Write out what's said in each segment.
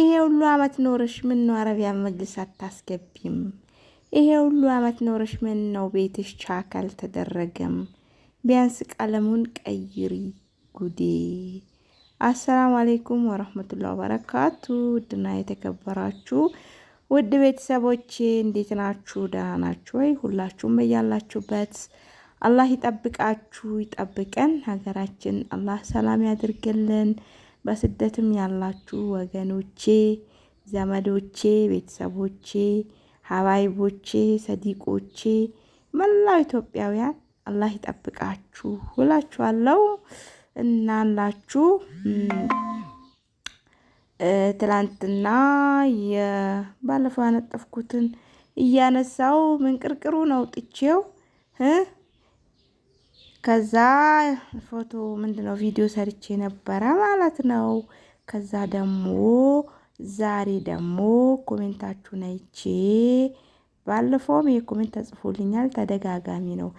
ይሄ ሁሉ አመት ኖረሽ ምን ነው አረቢያ መጅልስ አታስገቢም? ይሄ ሁሉ አመት ኖረሽ ምን ነው ቤትሽ ቻክ አልተደረገም? ቢያንስ ቀለሙን ቀይሪ ጉዴ። አሰላሙ አሌይኩም ወረህመቱላ ወበረካቱ። ውድና የተከበራችሁ ውድ ቤተሰቦቼ እንዴት ናችሁ? ደህና ናችሁ ወይ? ሁላችሁም በያላችሁበት አላህ ይጠብቃችሁ፣ ይጠብቀን። ሀገራችን አላህ ሰላም ያድርግልን። በስደትም ያላችሁ ወገኖቼ፣ ዘመዶቼ፣ ቤተሰቦቼ፣ ሀባይቦቼ፣ ሰዲቆቼ፣ መላው ኢትዮጵያውያን አላህ ይጠብቃችሁ ሁላችኋለው እናላችሁ። ትላንትና ባለፈው ያነጠፍኩትን እያነሳው ምንቅርቅሩ ነው ጥቼው ከዛ ፎቶ ምንድነው ቪዲዮ ሰርቼ ነበረ ማለት ነው። ከዛ ደግሞ ዛሬ ደግሞ ኮሜንታችሁን አይቼ ባለፈውም የኮሜንት ተጽፎልኛል። ተደጋጋሚ ነው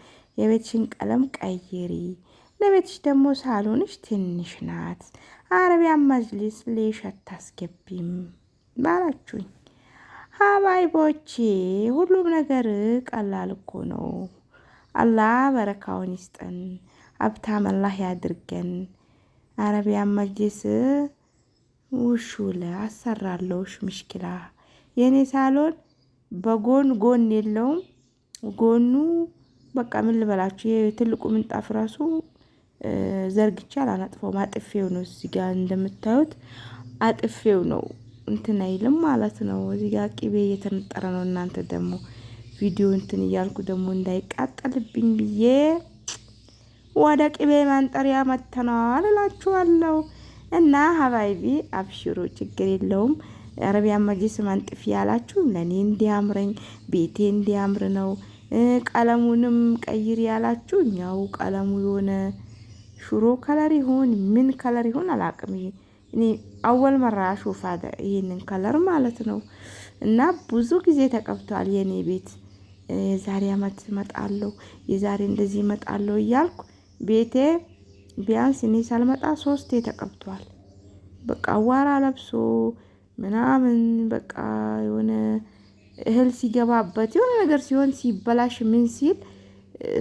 የቤትሽን ቀለም ቀይሪ፣ ለቤትሽ ደግሞ ሳሎንሽ ትንሽ ናት፣ አረቢያን መጅሊስ ሌሽ አታስገቢም ባላችሁኝ ሀባይቦቼ፣ ሁሉም ነገር ቀላል እኮ ነው። አላህ በረካውን ይስጠን። ሀብታም አላህ ያድርገን። አረቢያን መጅሊስ ውሹ ለ አሰራለሁ ውሽ ምሽኪላ የኔ ሳሎን በጎን ጎን የለውም። ጎኑ በቃ ምን ልበላችሁ ትልቁ ምንጣፍ ራሱ ዘርግቼ አላነጥፈውም። አጥፌው ነው እዚህ ጋር እንደምታዩት አጥፌው ነው እንትን አይልም ማለት ነው። እዚህ ጋር ቅቤ እየተነጠረ ነው። እናንተ ደግሞ ቪዲዮ እንትን እያልኩ ደግሞ እንዳይቃጠልብኝ ብዬ ወደ ቅቤ ማንጠሪያ መተናል እላችኋለሁ። እና ሀባይቢ አብሽሮ ችግር የለውም። አረቢያ መጅሊስ መንጥፍ ያላችሁ ለእኔ እንዲያምረኝ ቤቴ እንዲያምር ነው። ቀለሙንም ቀይር ያላችሁ እኛው ቀለሙ የሆነ ሽሮ ከለር ይሁን ምን ከለር ይሁን አላቅም። እኔ አወል መራ ሾፋ ይህንን ከለር ማለት ነው። እና ብዙ ጊዜ ተቀብቷል የእኔ ቤት የዛሬ አመት እመጣለሁ፣ የዛሬ እንደዚህ እመጣለሁ እያልኩ ቤቴ ቢያንስ እኔ ሳልመጣ ሶስቴ ተቀብቷል። በቃ አዋራ ለብሶ ምናምን በቃ የሆነ እህል ሲገባበት የሆነ ነገር ሲሆን ሲበላሽ ምን ሲል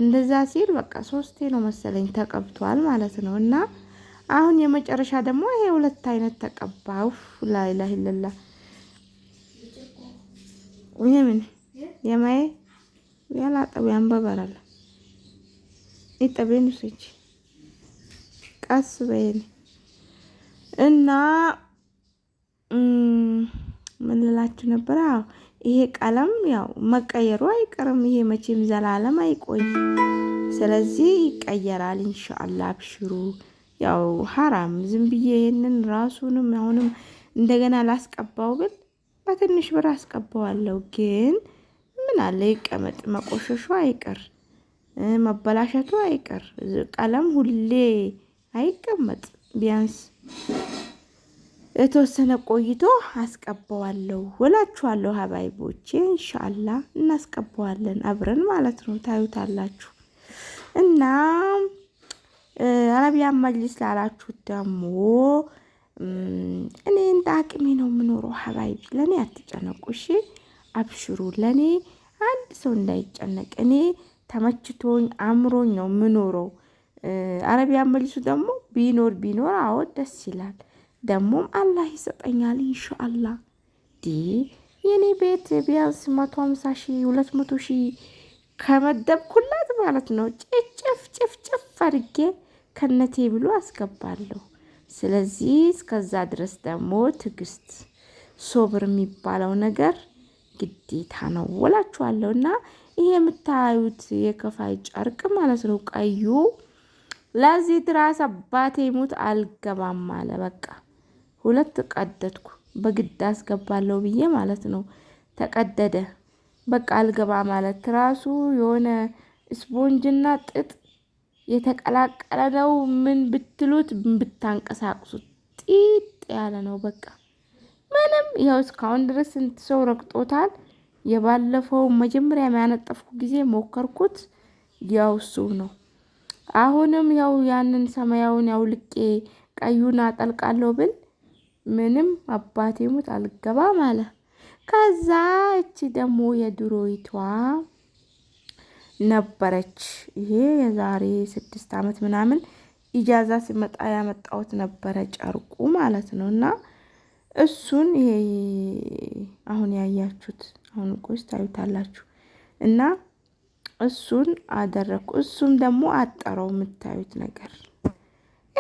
እንደዛ ሲል በቃ ሶስቴ ነው መሰለኝ ተቀብቷል ማለት ነው። እና አሁን የመጨረሻ ደግሞ ይሄ ሁለት አይነት ተቀባ። ውፍ ይለላ ይሄ ምን የማየ ያላጠቢ ያንበበራል። ይጠቤን ውስጅ ቀስ በይል እና ምን ልላችሁ ነበር? አዎ ይሄ ቀለም ያው መቀየሩ አይቀርም። ይሄ መቼም ዘላለም አይቆይም። ስለዚህ ይቀየራል። ኢንሻአላ አብሽሩ። ያው ሀራም ዝም ብዬ ይሄንን ራሱንም አሁንም እንደገና ላስቀባው ብል በትንሽ ብር አስቀባዋለሁ ግን ምን አለ ይቀመጥ፣ መቆሸሹ አይቀር፣ መበላሸቱ አይቀር። ቀለም ሁሌ አይቀመጥ፣ ቢያንስ የተወሰነ ቆይቶ አስቀባዋለሁ ወላችኋለሁ። ሀባይቦቼ እንሻላ እናስቀባዋለን አብረን ማለት ነው። ታዩታላችሁ እና አረቢያን መጅሊስ ላላችሁ ደግሞ እኔ እንደ አቅሜ ነው የምኖረው። ሀባይቢ ለእኔ አትጨነቁ እሺ፣ አብሽሩ ለእኔ አንድ ሰው እንዳይጨነቅ እኔ ተመችቶኝ አምሮኝ ነው ምኖረው። አረቢያ መልሱ ደግሞ ቢኖር ቢኖር አዎ ደስ ይላል። ደግሞም አላህ ይሰጠኛል ኢንሻአላህ። ዲ የኔ ቤት ቢያንስ መቶ ሀምሳ ሺ ሁለት መቶ ሺ ከመደብኩላት ማለት ነው ጭፍ ጭፍ አድርጌ ከነቴ ብሎ አስገባለሁ። ስለዚህ እስከዛ ድረስ ደግሞ ትዕግስት ሶብር የሚባለው ነገር ግዴታ ነው ውላችኋለሁ። እና ይሄ የምታዩት የከፋይ ጨርቅ ማለት ነው ቀዩ ለዚህ ትራስ አባቴ ሙት አልገባም አለ። በቃ ሁለት ቀደድኩ በግድ አስገባለሁ ብዬ ማለት ነው። ተቀደደ በቃ አልገባ ማለት ትራሱ የሆነ ስፖንጅና ጥጥ የተቀላቀለ ነው። ምን ብትሉት ብታንቀሳቅሱት ጢጥ ያለ ነው በቃ ምንም ያው እስካሁን ድረስ ስንት ሰው ረግጦታል። የባለፈው መጀመሪያ የሚያነጠፍኩ ጊዜ ሞከርኩት፣ ያው እሱ ነው። አሁንም ያው ያንን ሰማያውን አውልቄ ቀዩን አጠልቃለሁ ብል ምንም አባቴ ሙት አልገባም አለ። ከዛ እቺ ደግሞ የድሮይቷ ነበረች። ይሄ የዛሬ ስድስት ዓመት ምናምን ኢጃዛ ሲመጣ ያመጣሁት ነበረ ጨርቁ ማለት ነው እና እሱን ይሄ አሁን ያያችሁት አሁን ቆይስ ታዩታላችሁ እና እሱን አደረግኩ። እሱም ደግሞ አጠረው የምታዩት ነገር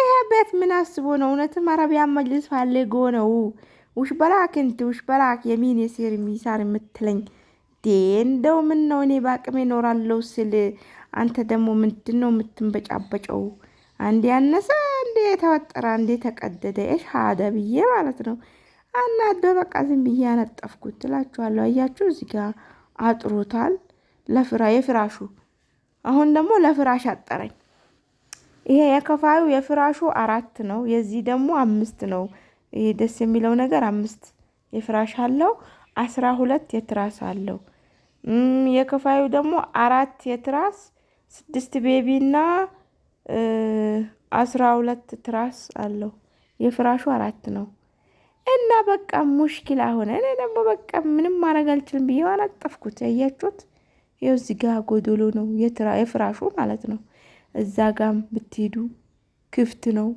ይሄ ቤት ምን አስቦ ነው? እውነትም አረቢያን መጅልስ ፈልጎ ነው። ውሽ በላክ እንት ውሽ በላክ የሚን የሴር ሚሳር የምትለኝ ዴ እንደው ምን ነው እኔ በአቅሜ ኖራለሁ ስል አንተ ደግሞ ምንድን ነው የምትንበጫበጨው? አንዴ ያነሰ፣ አንዴ የተወጠረ፣ አንዴ ተቀደደ እሽ ሀደ ብዬ ማለት ነው። አናዶ በቃ ዝም ብዬ ያነጠፍኩት ትላችኋለሁ። አያችሁ እዚህ ጋ አጥሮታል ለፍራ የፍራሹ አሁን ደግሞ ለፍራሽ አጠረኝ። ይሄ የከፋዩ የፍራሹ አራት ነው፣ የዚህ ደግሞ አምስት ነው። ይሄ ደስ የሚለው ነገር አምስት የፍራሽ አለው፣ አስራ ሁለት የትራስ አለው። የከፋዩ ደግሞ አራት የትራስ ስድስት ቤቢና አስራ ሁለት ትራስ አለው። የፍራሹ አራት ነው። እና በቃ ሙሽኪላ ሆነ። እኔ ደግሞ በቃ ምንም ማድረግ አልችልም ብዬ አነጠፍኩት። ያያችሁት ይኸው እዚህ ጋ ጎዶሎ ነው የፍራሹ ማለት ነው። እዛ ጋም ብትሄዱ ክፍት ነው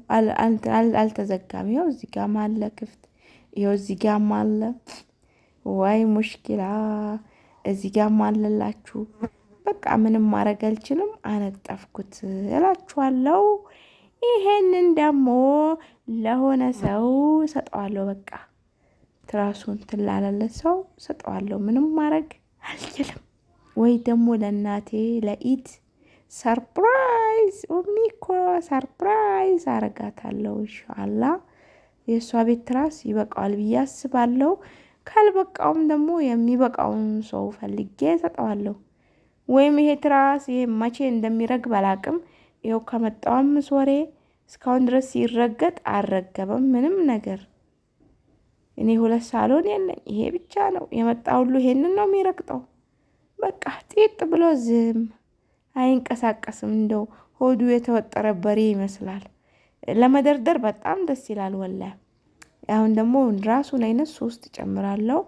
አልተዘጋም። ይኸው እዚህ ጋም አለ ክፍት፣ ይኸው እዚህ ጋም አለ። ወይ ሙሽኪላ! እዚህ ጋም አለላችሁ። በቃ ምንም ማድረግ አልችልም፣ አነጠፍኩት እላችኋለሁ። ይሄንን ደግሞ ለሆነ ሰው ሰጠዋለሁ። በቃ ትራሱን ትላለለት ሰው ሰጠዋለሁ። ምንም ማድረግ አልችልም። ወይ ደግሞ ለእናቴ ለኢድ ሰርፕራይዝ ኦሚኮ ሰርፕራይዝ አረጋታለሁ። እንሻላ የእሷ ቤት ትራስ ይበቃዋል ብዬ አስባለሁ። ካልበቃውም ደግሞ የሚበቃውን ሰው ፈልጌ ሰጠዋለሁ። ወይም ይሄ ትራስ ይሄ መቼ እንደሚረግብ አላቅም። ይኸው ከመጣው አምስት ወሬ እስካሁን ድረስ ሲረገጥ አልረገበም ምንም ነገር። እኔ ሁለት ሳሎን የለኝ፣ ይሄ ብቻ ነው። የመጣ ሁሉ ይሄንን ነው የሚረግጠው። በቃ ጢጥ ብሎ ዝም አይንቀሳቀስም። እንደው ሆዱ የተወጠረ በሬ ይመስላል። ለመደርደር በጣም ደስ ይላል ወላ። አሁን ደግሞ ራሱን አይነት ሶስት ጨምራለው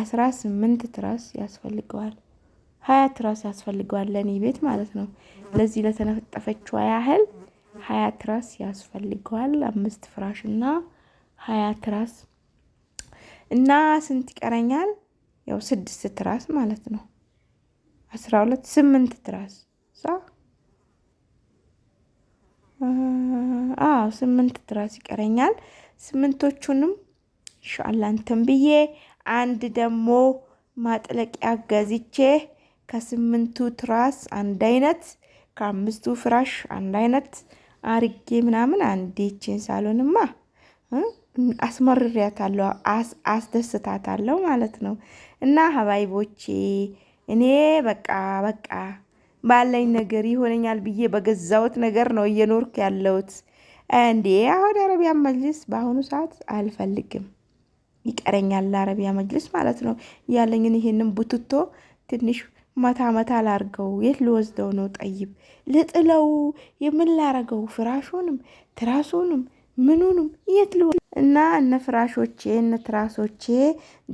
አስራ ስምንት ትራስ ያስፈልገዋል። ሀያት ራስ ያስፈልገዋል ለእኔ ቤት ማለት ነው። ለዚህ ለተነጠፈችዋ ያህል ሀያት ራስ ያስፈልገዋል። አምስት ፍራሽ እና ሀያት ራስ እና ስንት ይቀረኛል? ያው ስድስት ትራስ ማለት ነው። አስራ ሁለት ስምንት ትራስ ሳ አዎ ስምንት ትራስ ይቀረኛል። ስምንቶቹንም ኢንሻአላህ እንትን ብዬ አንድ ደግሞ ማጥለቂያ ገዝቼ ከስምንቱ ትራስ አንድ አይነት ከአምስቱ ፍራሽ አንድ አይነት አርጌ ምናምን አንዴችን ሳሎንማ አስመርሪያታለሁ፣ አስደስታታለሁ ማለት ነው። እና ሀባይቦቼ እኔ በቃ በቃ ባለኝ ነገር ይሆነኛል ብዬ በገዛውት ነገር ነው እየኖርኩ ያለሁት። እንዴ አሁን አረቢያ መጅልስ በአሁኑ ሰዓት አልፈልግም፣ ይቀረኛል አረቢያ መጅልስ ማለት ነው። ያለኝን ይሄንን ቡትቶ ትንሽ መታ መታ ላርገው፣ የት ልወስደው ነው? ጠይብ ልጥለው፣ የምላረገው ፍራሹንም ትራሱንም ምኑንም የት ልወ እና እነ ፍራሾቼ እነ ትራሶቼ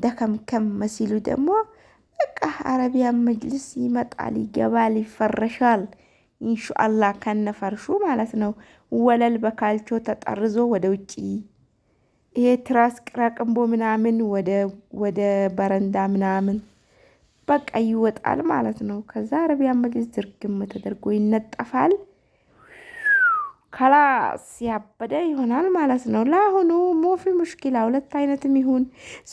ደከምከም መሲሉ ደግሞ በቃ አረቢያን መጅልስ ይመጣል፣ ይገባል፣ ይፈረሻል። ኢንሻአላ ከነፈርሹ ማለት ነው። ወለል በካልቾ ተጠርዞ ወደ ውጭ ይሄ ትራስ ቅራቅንቦ ምናምን ወደ በረንዳ ምናምን በቃ ይወጣል ማለት ነው። ከዛ አረቢያን መጅሊስ ዝርግም ተደርጎ ይነጠፋል። ከላስ ያበደ ይሆናል ማለት ነው። ለአሁኑ ሞፊ ሙሽኪላ ሁለት አይነትም ይሁን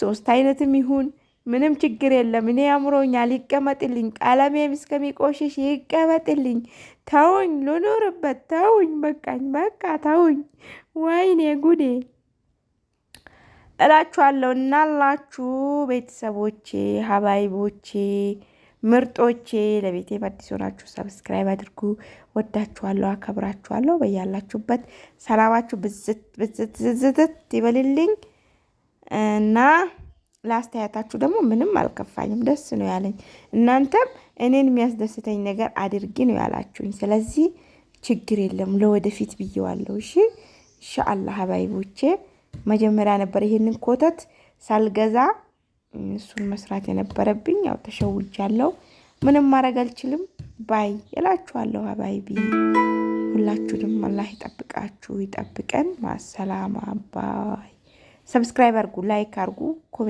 ሶስት አይነትም ይሁን ምንም ችግር የለም። እኔ አምሮኛል፣ ይቀመጥልኝ። ቀለሜም እስከሚቆሽሽ ይቀመጥልኝ። ተውኝ፣ ልኑርበት። ተውኝ፣ በቃኝ፣ በቃ ተውኝ። ወይኔ ጉዴ እላችኋለሁ እና ላችሁ ቤተሰቦቼ፣ ሀባይቦቼ፣ ምርጦቼ ለቤቴ በአዲስ ሆናችሁ ሰብስክራይብ አድርጉ። ወዳችኋለሁ፣ አከብራችኋለሁ። በያላችሁበት ሰላማችሁ ብዝት ብዝትዝትዝት ይበልልኝ እና ለአስተያየታችሁ ደግሞ ምንም አልከፋኝም፣ ደስ ነው ያለኝ። እናንተም እኔን የሚያስደስተኝ ነገር አድርጊ ነው ያላችሁኝ። ስለዚህ ችግር የለም፣ ለወደፊት ብዬዋለሁ። እሺ፣ ኢንሻአላህ ሀባይቦቼ መጀመሪያ ነበር ይሄንን ኮተት ሳልገዛ እሱን መስራት የነበረብኝ። ያው ተሸውጃለሁ። ምንም ማድረግ አልችልም ባይ እላችኋለሁ። አባይቢ ሁላችሁንም አላህ ይጠብቃችሁ፣ ይጠብቀን። ማሰላማ ባይ። ሰብስክራይብ አርጉ፣ ላይክ አርጉ፣ ኮሜንት